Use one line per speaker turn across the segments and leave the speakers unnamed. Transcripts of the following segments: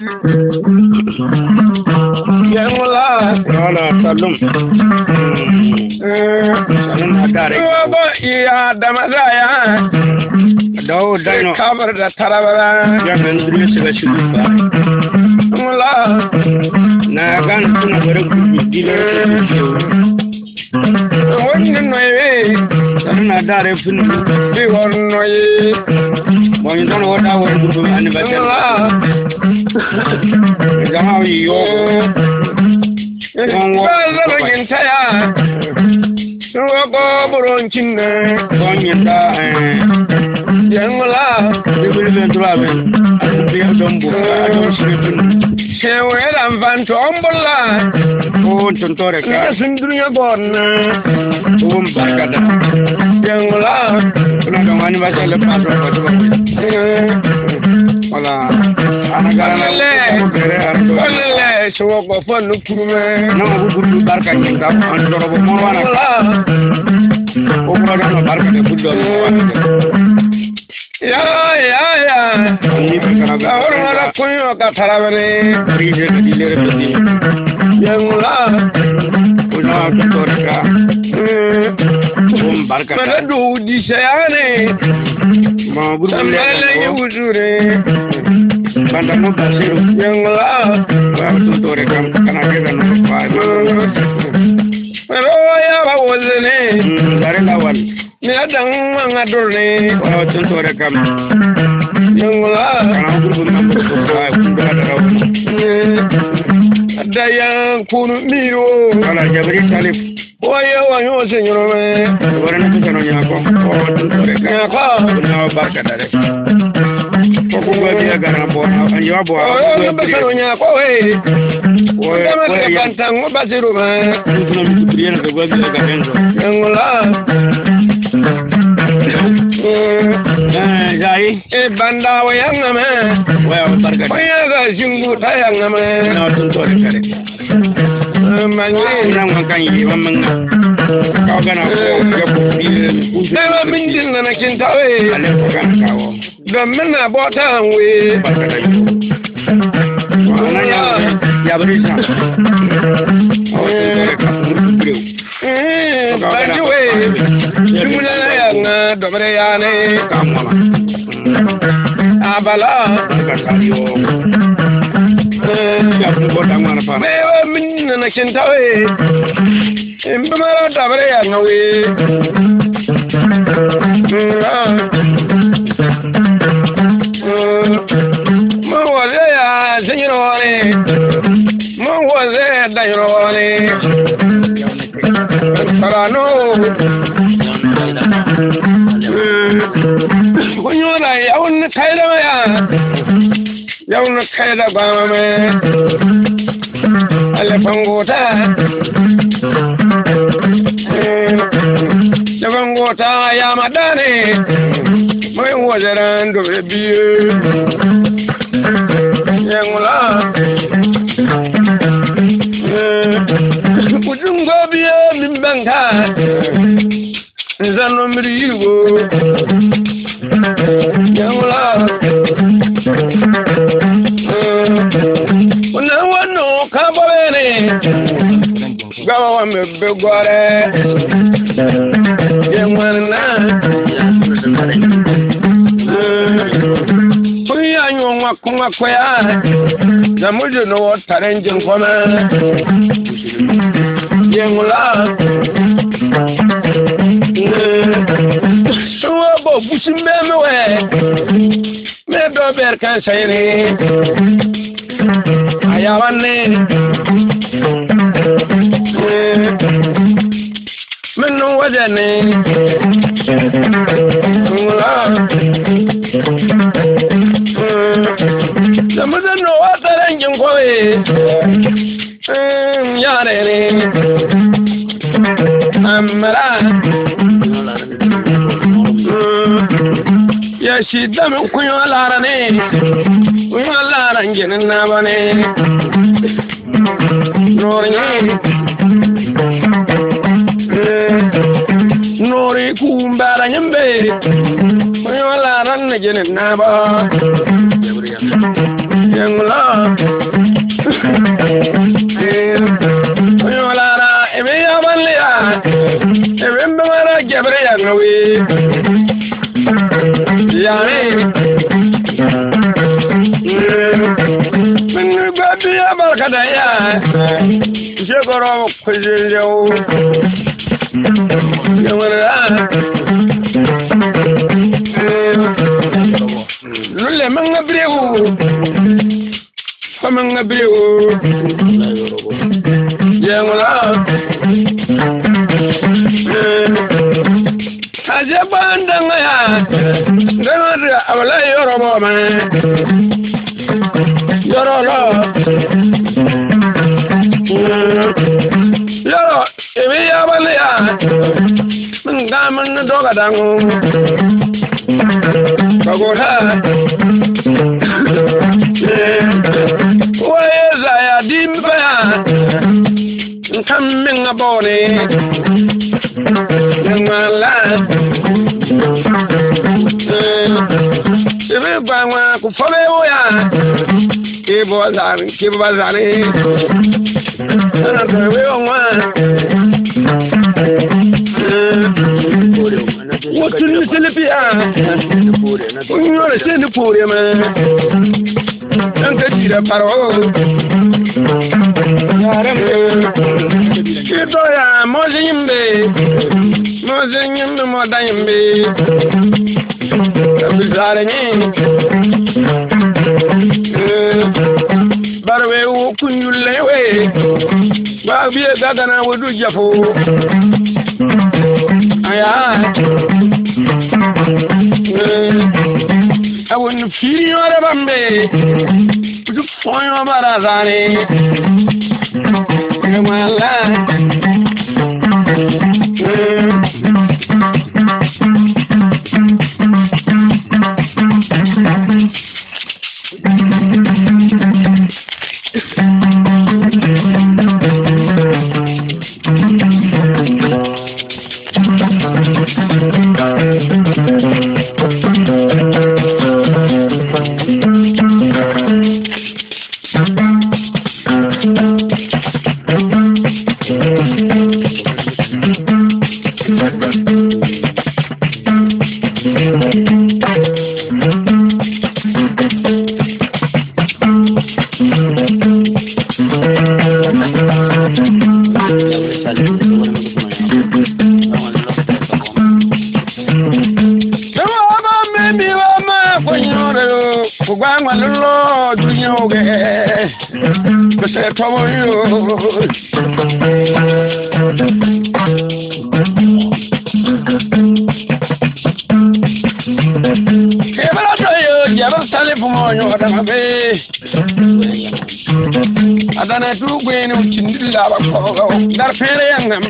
Yẹmúlá. Rọ́lá Salum. Salum Adare. Wọ́bọ̀ ìyá Damada yá. Dọ́wọ́ dáná. Kábàrà da tarabara. Yàgbẹ́ ndúró sẹ̀bẹ̀ sí gbogbo. Yẹmúlá. Nàgán tún àgbẹ̀rẹ̀ gbogbo dílé wọ́n ní nọ̀yẹ́ sanu na daare funu bí wọ́n nọ̀yẹ́ mọ̀nyí tọ́nu wọ́n dáwọ́ ẹ̀ dùkú ànibàjẹ́. Zama yo. Zama taya. Suwa ko buron cinne. Zonyi ta. Yangula. Dibiri zan tura min. Biyar don bu. Sewe dan fanto ombulla. Kun tuntore ka. Nga sindunya borna. Kun bakada. Yangula. Kuna dongani basa lepas. Wala. Wala kɔnlɛ sɔgɔkɔ fɔ nukurumɛ. n'anw ko buru bɛ barika kɛ nka an dɔgɔbɔ mɔrɔba la kan o kura kan ka barika kɛ buru dɔ bɛ mɔrɔba la kan. yaa yaa yaa ka hɔrɔnmada kunyɔ ka tara bɛnɛ. rizɛ ka di dugu disɛya ne. mɔgɔ buru bɛ banda no tasiru yang la ba tutur kam kana kedan pa pero ya ba wozne bare lawan ni adang mangadur ni o tutur kam yang la kana gurun nam ko pa kunda daraw dayang kunu miro kana jabri talif oye wanyo señorome warana kusano nyako o tutur kam nyako no barka dare okugwa bia gana bo anjewa bo okugwa bia onya kwa we kama ni kanta ngoba zero ma kuna mtukiria na kugwa bia ganenzo ngola Jai. E banda wa yanga ma. Wa utarga. Wa yaga jingu ta yanga ma. Na tuntu kare. Mangi na ngwa kanyi wa manga kawo gana ɗaya min jin na na kinta we domin na bota we ya bari sa baji we jumla ya nga dobre ya ne abala mewa min na na kinta we n bimala dabiri ya nyɔge nga min wɔzɛ ya zinyiri wɔni min wɔzɛ ya danyiri wɔni karano ko nyɔra yawu ni kaidama ya yawu ni kaida gbaama mɛ ale fangota. Jagan gota ya madane mai wajaran dobe biye. Yangula. Eh, Kujin gobiye min banka. Zanu mirigo. Yangula. Eh, wannan wannan kan bobe ne. Gawa wa mebe gore kuma kwaya da mudu na wataren jin kuma yengula suwa bo busin memewe me dober kan sayre ayawanne dẹ̀ hmm, ni. Jamusa nɔ wa sara n jin kɔbe. Yaare ni. Amara. Yasi dami kunyɔ laara ne. Kunyɔ laara n jeni naaba ne. Nɔɔri nye. bara nyimbeeri muñoo laaran na jene naaba yengula muñoo laara ebe yabanliya ebe mbemara jebre yangawi yaani min gbabiya barkadaya jegoro kuzinjew enwere aha lule mangabrewo famangabrewo yenwere aha aje gbandanga ya ndenwere abala yorobo ma yorolo doga dangu kagoda wayeza ya dimba nkam minga bone ngala ibe gbanwa ku fobe oya kibo zani kibo zani ana tawe onwa sunni silipi a nyɔri se ni puure ma n ka jira parawo yaare mu kitɔ ya mɔzi yin be mɔzi yin be mɔda yin be kabi zaare nyi barwe wo kunyulle we gbaagbie gagana wo du jafo ayaa. filho signore bambe Porque foi uma barazane Mala Mala eh. Gbogbo àwọn lọ́ọ̀dún yẹn ò gẹ̀ẹ́, gbèsè tọ́wọ́ yóò. Ebala tayo, jabal salif mo nyo dama adana du gwene o cindilla ba ko dar fere yangam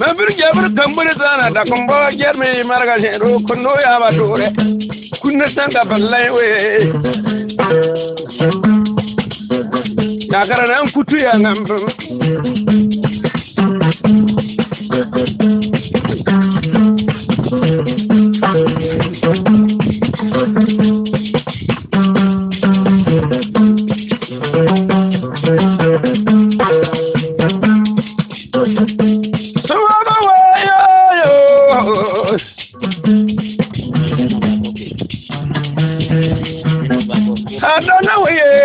mabir jabir kambure tana da kumbo jerme marga jero kunno ya ba dore kunna san da ballai we ya karana kutu yangam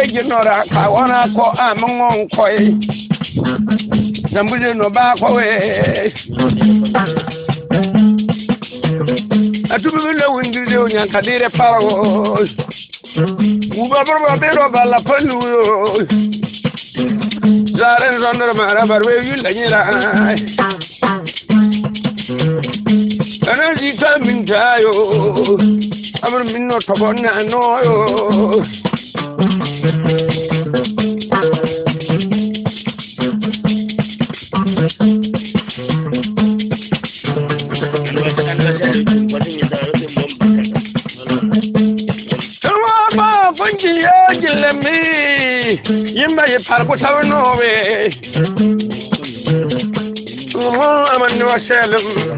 eji nọrọ ka ọ na-akọ amụṅụ nkọ na mbuze n'ụba akọwe atubibi lewu ndidi onye nkadire paro wubabụrụba bịrọ bala pelu zare nzọndọrọ mara barwe yu lanyira anazi ta min tayo amur min no tobon na noyo mi yimɓe ye parko tawanooɓe ɗum hon amanndiwa seelem